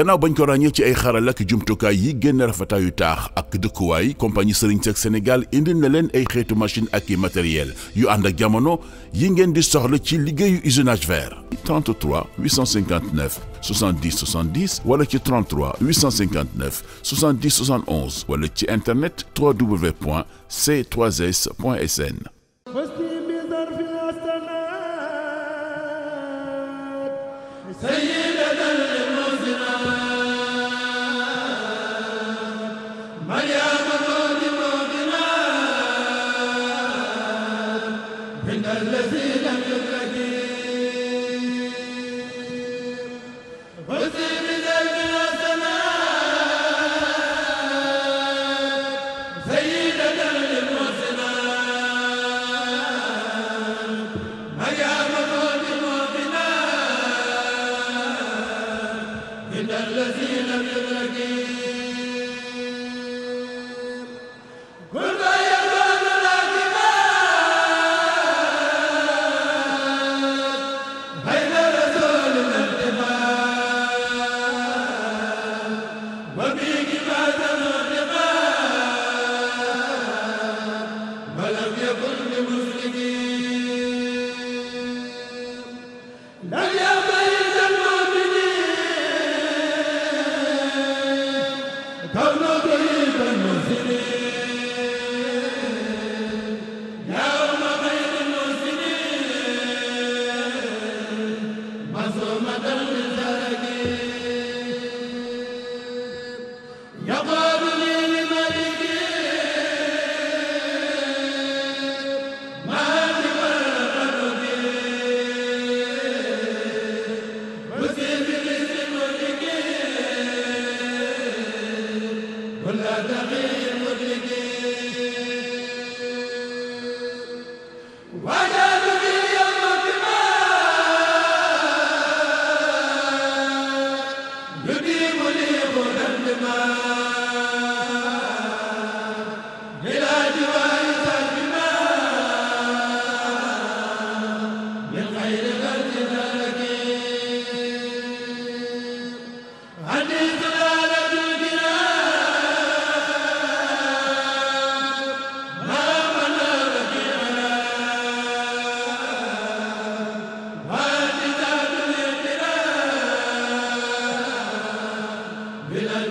gannaaw bañ ko ràññee ci ay xaral ak jumtukaay yi génn rafetaayu taax ak dëkkuwaay compagnie Serigne Seck Sénégal indi na leen ay xeetu machine ak yi matériel yu ànd ak jamono yi ngeen di soxla ci liggéeyu usinage vert. 33 859 70 70 wala ci 33 859 70 71 wala ci internet www.c3s.sn. Hey, yeah. la لم يكن لمسلم لا تقي المدركين bilal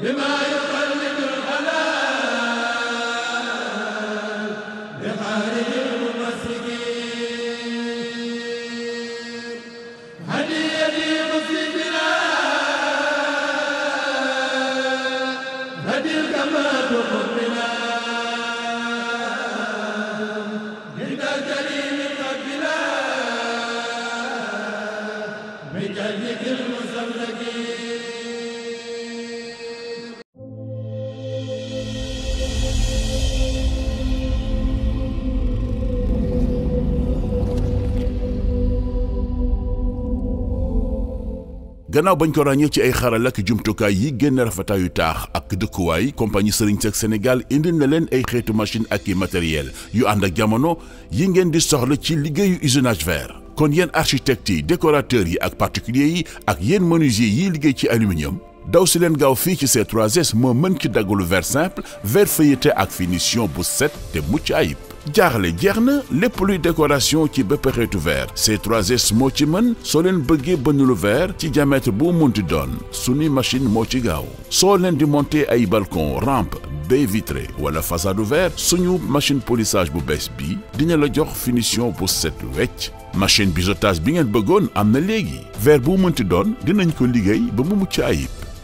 bima gannaaw bañ ko ràññee ci ay xaral ak jumtukaay yi génn rafetaayu taax ak dëkkuwaay compagnie Serigne Seck Sénégal indil na leen ay xeetu machine ak i matériel yu ànd ak jamono yi ngeen di soxla ci liggéeyu usinage verre kon yéen architecte yi décorateur yi ak particulier yi ak yéen menuisier yi liggéey ci aluminium daw si leen gaaw fii ci ces 3S moo mën ci daggalu verre simple verre feuilleté ak finition bu set te mucc ayib jaaxle jeex na lépp luy décoration ci bépp xeetu ver ces 3S moo ci mën soo leen bëggee bañu lu ver ci diamètre bu munti doon suñu machine moo ci gaaw soo leen di monter ay balcon rampe baie vitrée wala façade verre suñu machine polissage bu bees bi dina la jox finition bu set wecc machine bi biseautage bi ngeen bëggoon am na léegi ver bu munti doon dinañ ko liggéey ba mu mucc ayib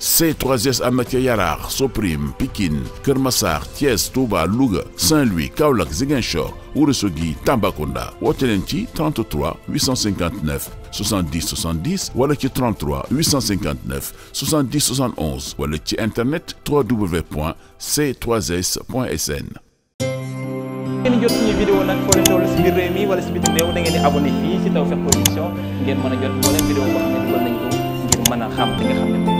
C3S Amitié Yaraar Soprim Pikine Kër Massar Thiès Touba Louga Saint-Louis Kaolack Ziguinchor Ourossogui Tambacounda woote leen ci 33 859 70 70 wala ci 33 859 70 71 wala ci internet www.c3s.sn. ngeen jot suñu vidéo nag foo wala si bitim réew da ngeen di abonné fii si Tawfekh